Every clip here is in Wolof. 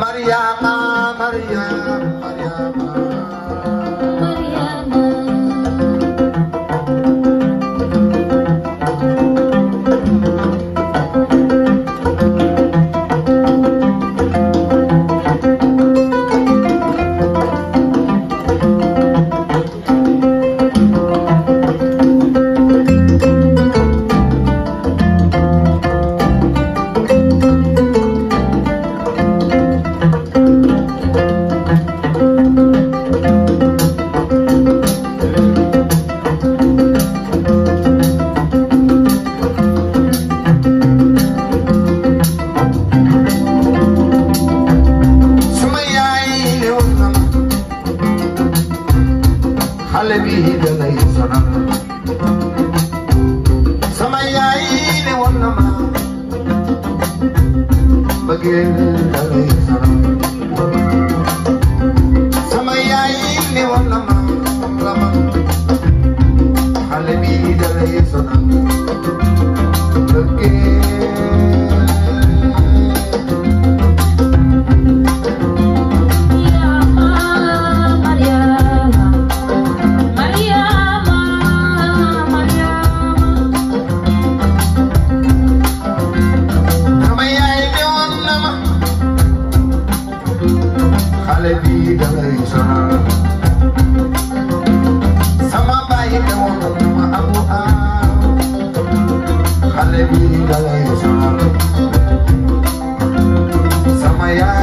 Mariama Mariama Mariama vida es. Samaya.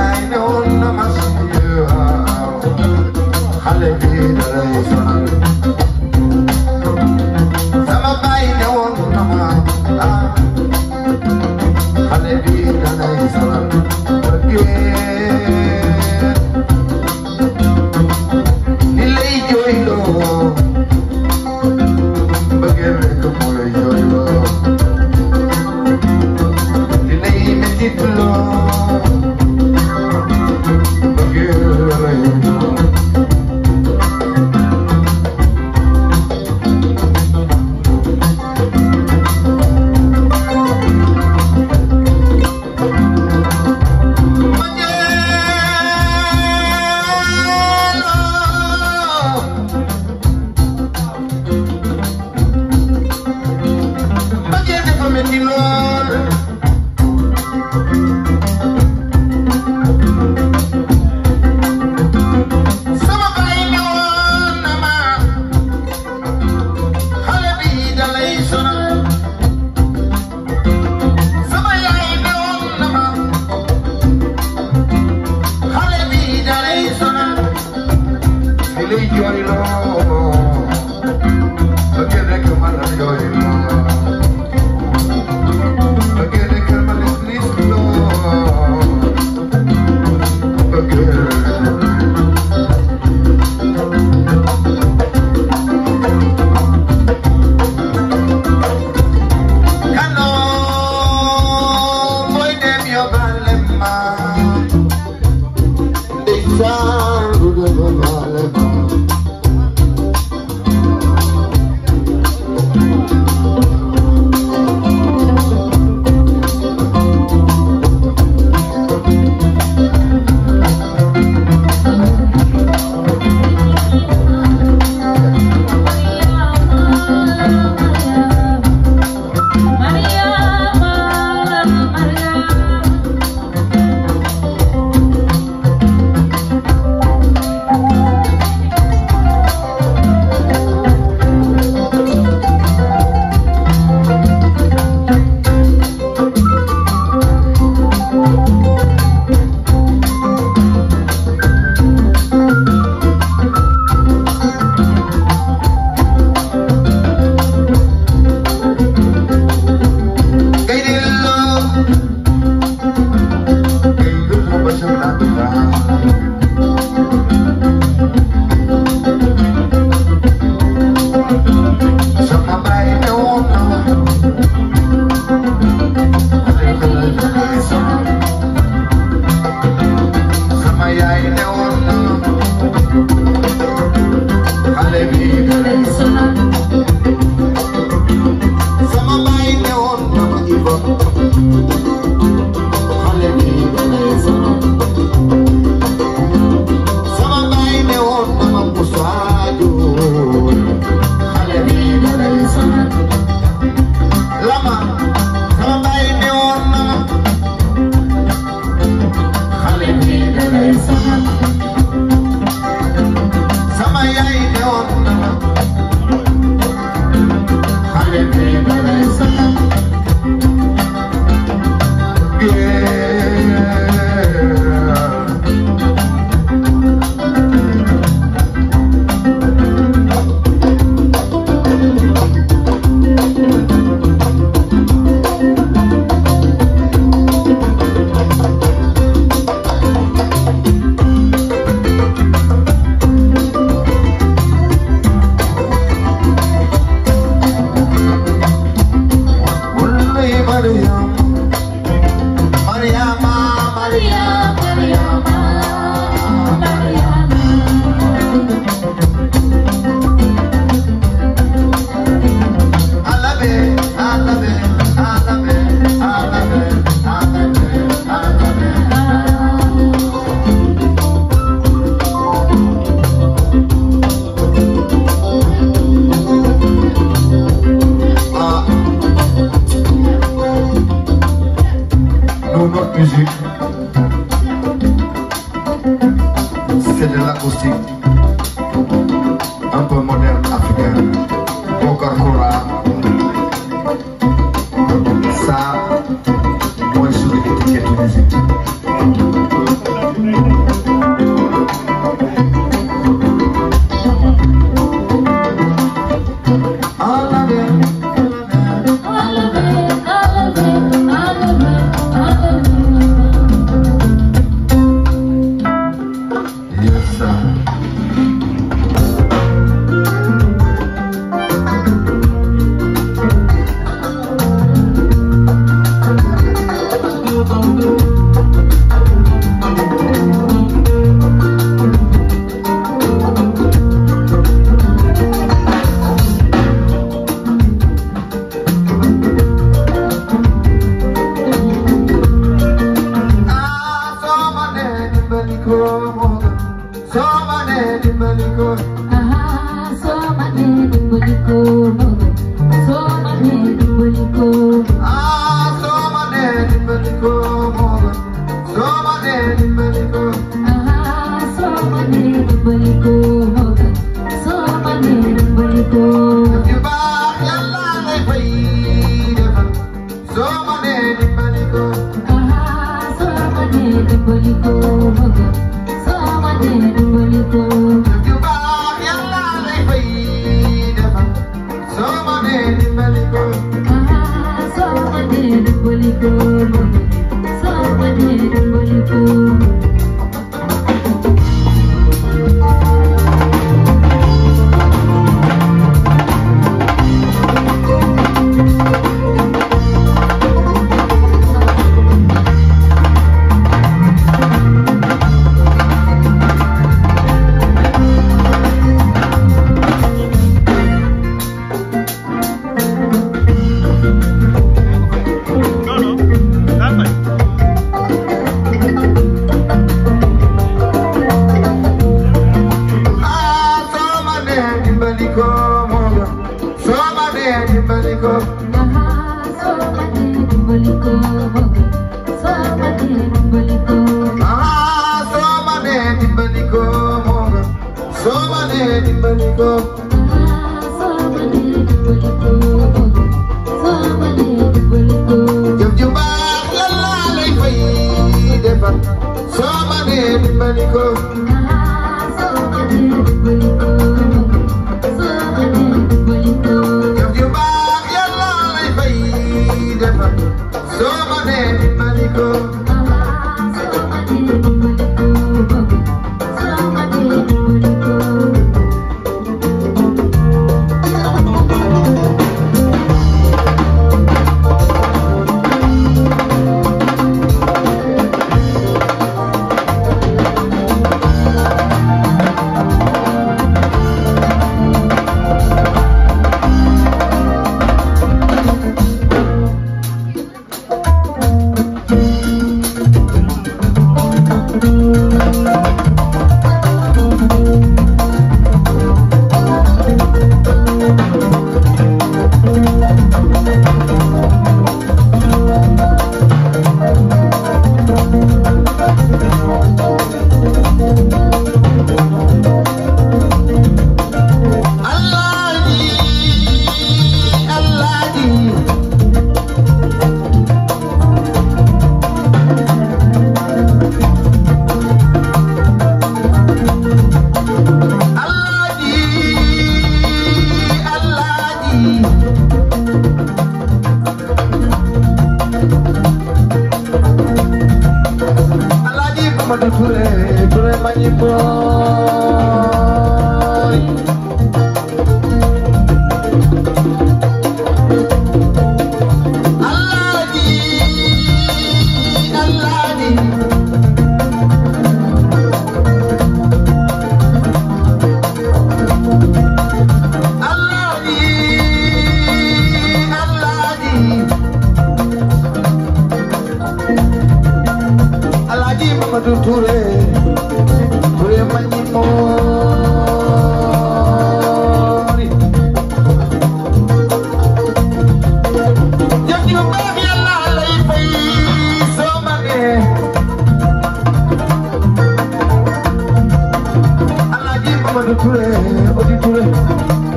Thank you.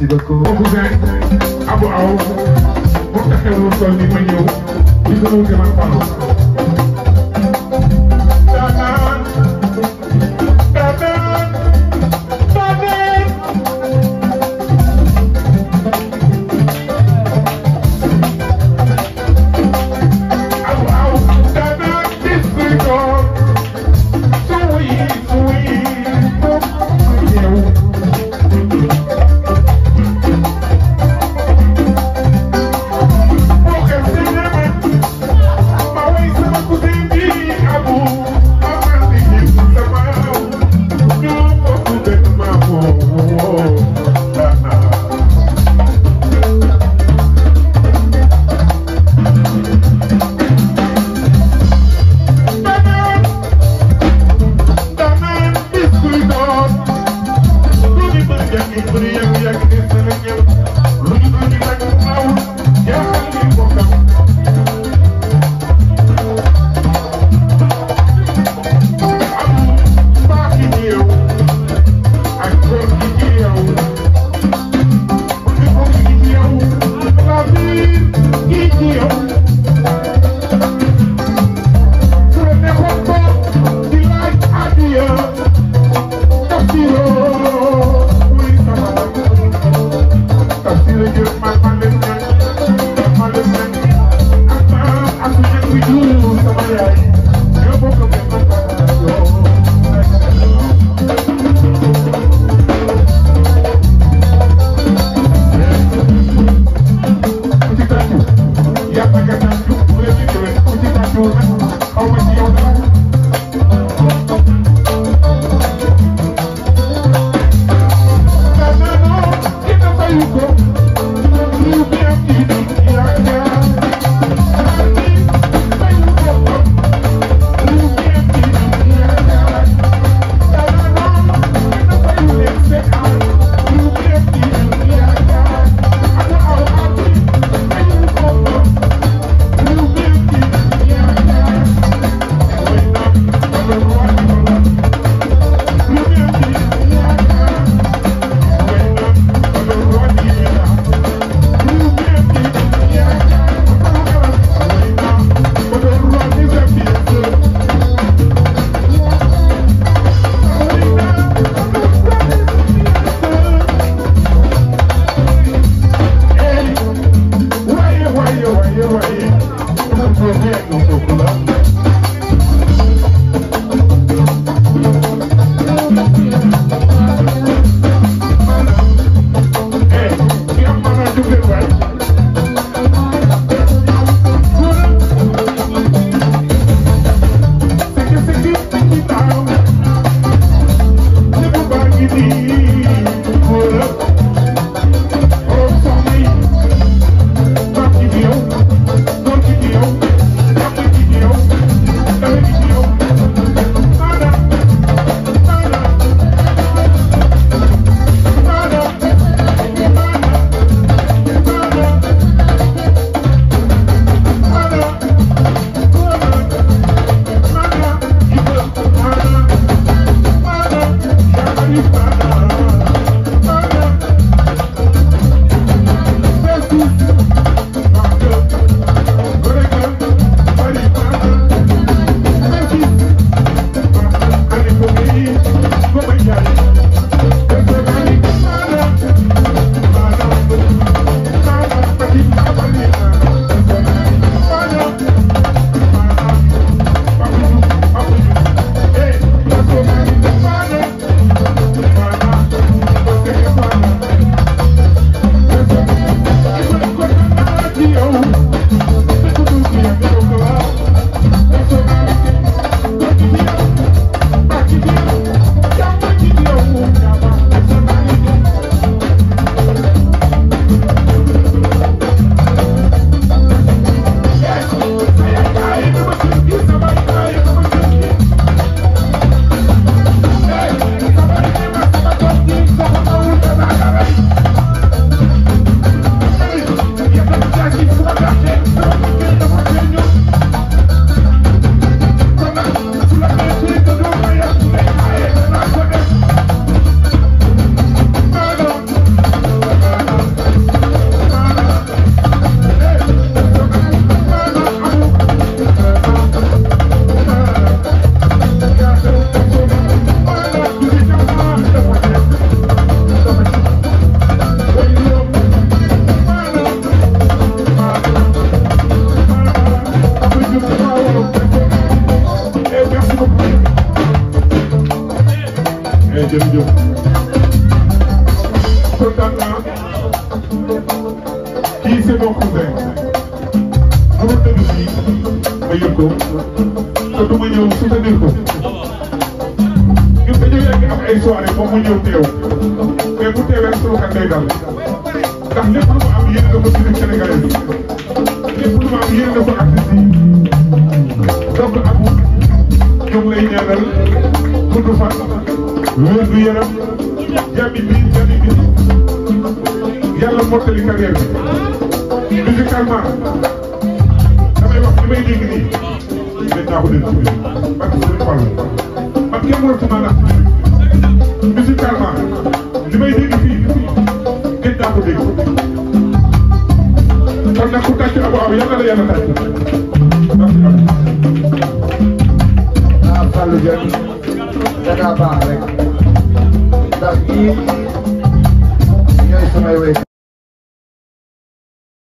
merci beaucoup. mon cousin Abou Aw moo taxawal tool bi ma ñëw di gën a Thank you.